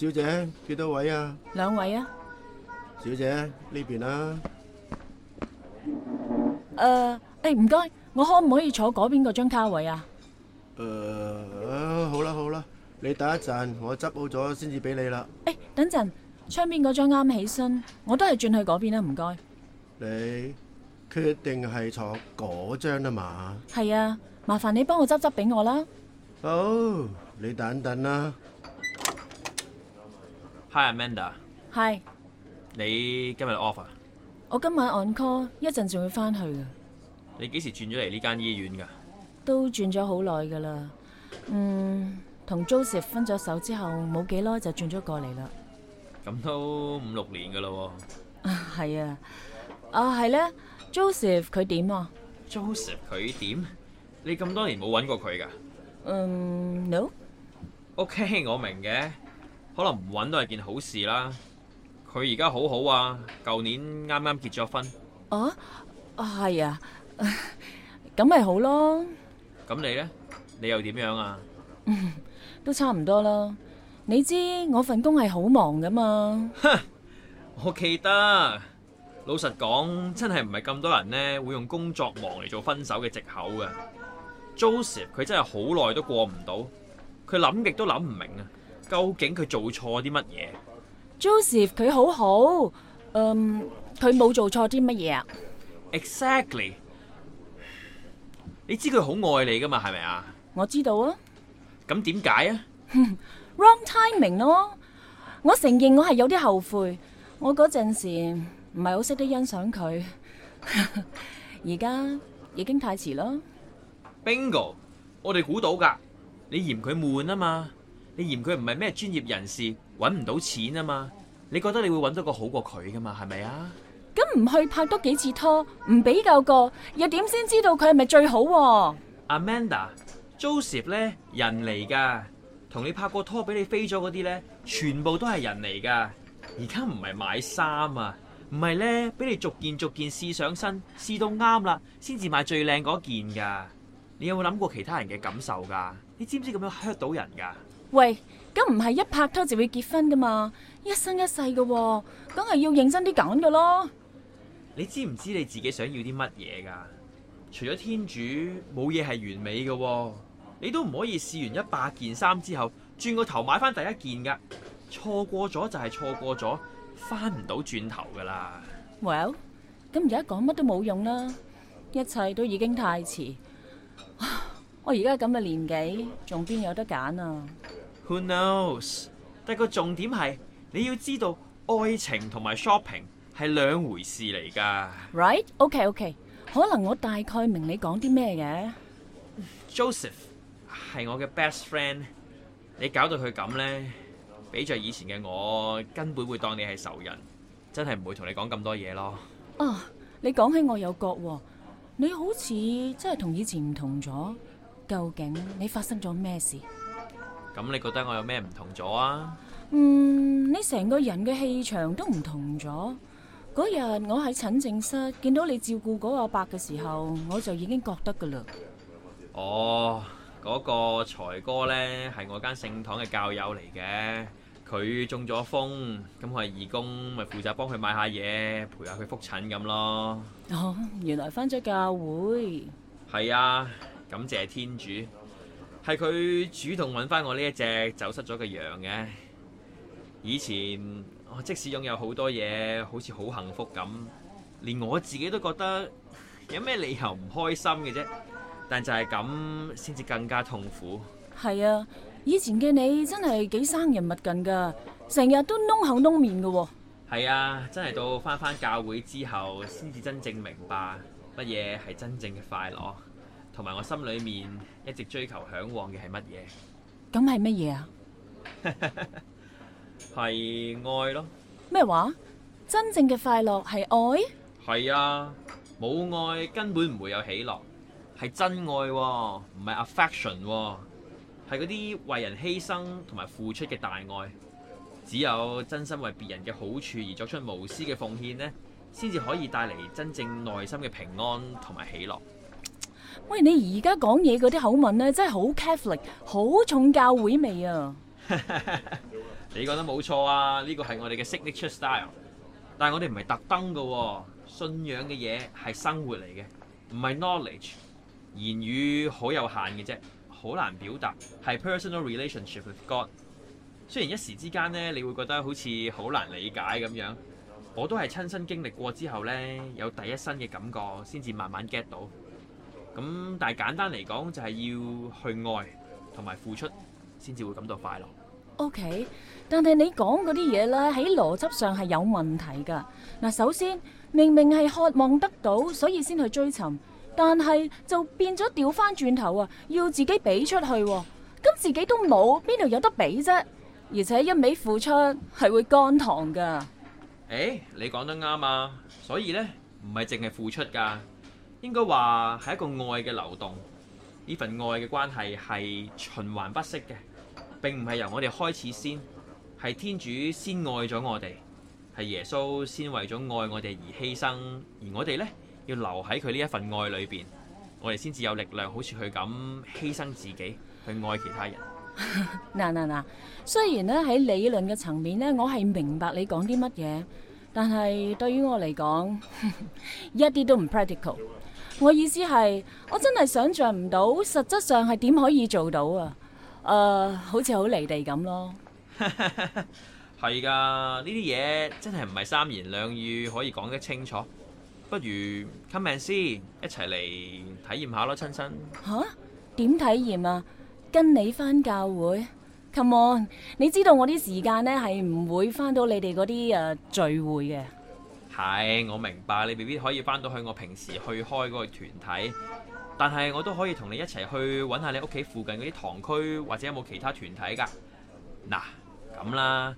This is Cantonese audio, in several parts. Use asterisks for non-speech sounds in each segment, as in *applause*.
小姐，幾多位啊？兩位啊。小姐，呢邊啦、啊。誒、uh, 哎，誒，唔該，我可唔可以坐嗰邊嗰張卡位啊？誒、uh, 啊，好啦好啦，你等一陣，我執好咗先至俾你啦。誒、uh,，等陣，窗邊嗰張啱起身，我都係轉去嗰邊啦、啊，唔該。你決定係坐嗰張啊嘛？係啊，麻煩你幫我執執俾我啦。好、oh,，你等等啦、啊。Hi，Amanda。Hi。你今日 off 啊？我今晚 on call，一陣仲會翻去噶。你幾時轉咗嚟呢間醫院噶？都轉咗好耐噶啦。嗯，同 Joseph 分咗手之後，冇幾耐就轉咗過嚟啦。咁都五六年噶啦。係啊。啊，係咧，Joseph 佢點啊？Joseph 佢點？你咁多年冇揾過佢噶？嗯，no。OK，我明嘅。可能唔揾都係件好事啦。佢而家好好啊，舊年啱啱結咗婚。啊，係啊，咁 *laughs* 咪好咯。咁你呢？你又點樣啊？嗯、都差唔多啦。你知我份工係好忙噶嘛？哼，我記得，老實講，真係唔係咁多人呢會用工作忙嚟做分手嘅藉口嘅。Joseph 佢真係好耐都過唔到，佢諗極都諗唔明啊。究竟佢做錯啲乜嘢？Joseph 佢好好，嗯，佢冇做錯啲乜嘢啊。Exactly，你知佢好愛你噶嘛？係咪啊？我知道啊。咁點解啊？哼，Wrong timing 咯。我承認我係有啲後悔，我嗰陣時唔係好識得欣賞佢，而家已經太遲咯。Bingo，我哋估到噶，你嫌佢悶啊嘛？你嫌佢唔係咩專業人士，揾唔到錢啊嘛？你覺得你會揾到個好過佢噶嘛？係咪啊？咁唔去拍多幾次拖，唔比較過又點先知道佢係咪最好啊？Amanda，Joseph 咧人嚟噶，同你拍過拖俾你飛咗嗰啲咧，全部都係人嚟噶啊。而家唔係買衫啊，唔係咧俾你逐件逐件試上身，試到啱啦，先至買最靚嗰件噶。你有冇諗過其他人嘅感受噶？你知唔知咁樣 hurt 到人噶？喂，咁唔係一拍拖就會結婚噶嘛？一生一世噶喎，梗係要認真啲揀噶咯。你知唔知道你自己想要啲乜嘢噶？除咗天主，冇嘢係完美噶喎，你都唔可以試完一百件衫之後，轉個頭買翻第一件噶。錯過咗就係錯過咗，翻唔到轉頭噶啦。Well，咁而家講乜都冇用啦，一切都已經太遲。我而家咁嘅年紀，仲邊有得揀啊？Who knows？但個重點係你要知道，愛情同埋 shopping 係兩回事嚟噶。Right？OK，OK。可能我大概明你講啲咩嘅。Joseph 係我嘅 best friend，你搞到佢咁呢，比著以前嘅我，根本會當你係仇人，真係唔會同你講咁多嘢咯。哦，你講起我有覺，你好似真係同以前唔同咗。究竟你發生咗咩事？咁你覺得我有咩唔同咗啊？嗯，你成個人嘅氣場都唔同咗。嗰日我喺診症室見到你照顧嗰個伯嘅時候，我就已經覺得噶啦。哦，嗰、那個財哥呢，係我間聖堂嘅教友嚟嘅，佢中咗風，咁我係義工，咪負責幫佢買下嘢，陪下佢復診咁咯。哦，原來翻咗教會。係啊，感謝天主。係佢主動揾翻我呢一隻走失咗嘅羊嘅。以前我即使擁有好多嘢，好似好幸福咁，連我自己都覺得有咩理由唔開心嘅啫。但就係咁先至更加痛苦。係啊，以前嘅你真係幾生人勿近噶，成日都窿口窿面嘅喎。係啊，真係到翻返教會之後，先至真正明白乜嘢係真正嘅快樂。同埋我心裏面一直追求嚮往嘅係乜嘢？咁係乜嘢啊？係 *laughs* 愛咯。咩話？真正嘅快樂係愛？係啊，冇愛根本唔會有喜樂，係真愛啊，唔係 affection，係嗰啲為人犧牲同埋付出嘅大愛。只有真心為別人嘅好處而作出無私嘅奉獻呢，先至可以帶嚟真正內心嘅平安同埋喜樂。喂，你而家講嘢嗰啲口吻咧，真係好 Catholic，好重教會味啊！ *laughs* 你覺得冇錯啊？呢個係我哋嘅 signature style，但係我哋唔係特登噶，信仰嘅嘢係生活嚟嘅，唔係 knowledge。言語好有限嘅啫，好難表達，係 personal relationship with God。雖然一時之間咧，你會覺得好似好難理解咁樣，我都係親身經歷過之後咧，有第一身嘅感覺，先至慢慢 get 到。咁但係簡單嚟講就係要去愛同埋付出先至會感到快樂。OK，但係你講嗰啲嘢咧，喺邏輯上係有問題噶。嗱，首先明明係渴望得到，所以先去追尋，但係就變咗調翻轉頭啊，要自己俾出去，咁自己都冇邊度有得俾啫。而且一味付出係會乾糖噶。誒，你講得啱啊，所以咧唔係淨係付出噶。應該話係一個愛嘅流動，呢份愛嘅關係係循環不息嘅，並唔係由我哋開始先，係天主先愛咗我哋，係耶穌先為咗愛我哋而犧牲，而我哋呢，要留喺佢呢一份愛裏邊，我哋先至有力量好似佢咁犧牲自己去愛其他人。嗱嗱嗱，雖然呢喺理論嘅層面呢，我係明白你講啲乜嘢，但係對於我嚟講， *laughs* 一啲都唔 practical。我意思係，我真係想象唔到，實質上係點可以做到啊？誒，好似好離地咁咯。係㗎，呢啲嘢真係唔係三言兩語可以講得清楚。不如 come on 先，一齊嚟體驗下咯，親身。嚇？點體驗啊？跟你翻教會，come on。你知道我啲時間呢係唔會翻到你哋嗰啲誒聚會嘅。係、哎，我明白你未必可以翻到去我平時去開嗰個團體，但係我都可以同你一齊去揾下你屋企附近嗰啲堂區，或者有冇其他團體噶嗱咁啦。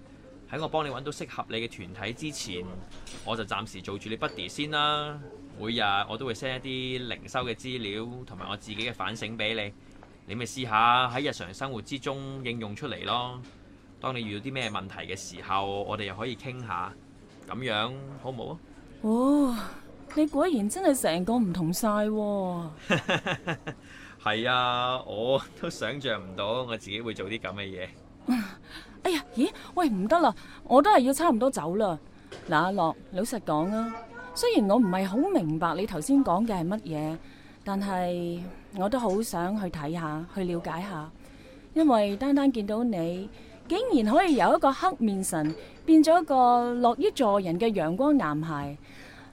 喺我幫你揾到適合你嘅團體之前，我就暫時做住你 buddy 先啦。每日我都會 send 一啲靈修嘅資料同埋我自己嘅反省俾你，你咪試下喺日常生活之中應用出嚟咯。當你遇到啲咩問題嘅時候，我哋又可以傾下。咁樣好唔好啊？哦，你果然真係成個唔同晒。係 *laughs* 啊，我都想象唔到我自己會做啲咁嘅嘢。哎呀，咦？喂，唔得啦，我都係要差唔多走啦。嗱，啊，阿樂，老實講啊，雖然我唔係好明白你頭先講嘅係乜嘢，但係我都好想去睇下，去了解下，因為單單見到你。竟然可以由一個黑面神變咗一個樂於助人嘅陽光男孩，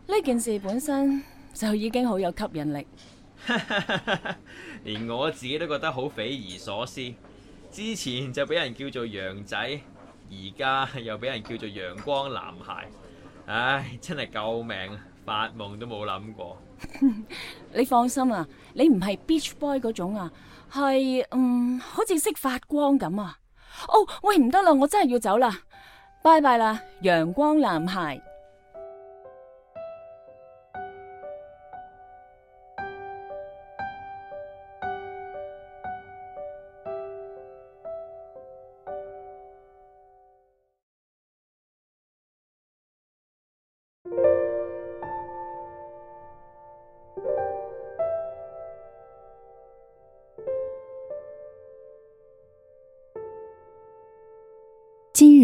呢件事本身就已經好有吸引力。連我自己都覺得好匪夷所思。之前就俾人叫做陽仔，而家又俾人叫做陽光男孩。唉，真係救命，發夢都冇諗過。你放心啊，你唔係 beach boy 嗰種啊，係嗯，好似識發光咁啊。哦，oh，喂，唔得啦，我真係要走啦 Bye-bye 啦，拜拜啦，陽光男孩。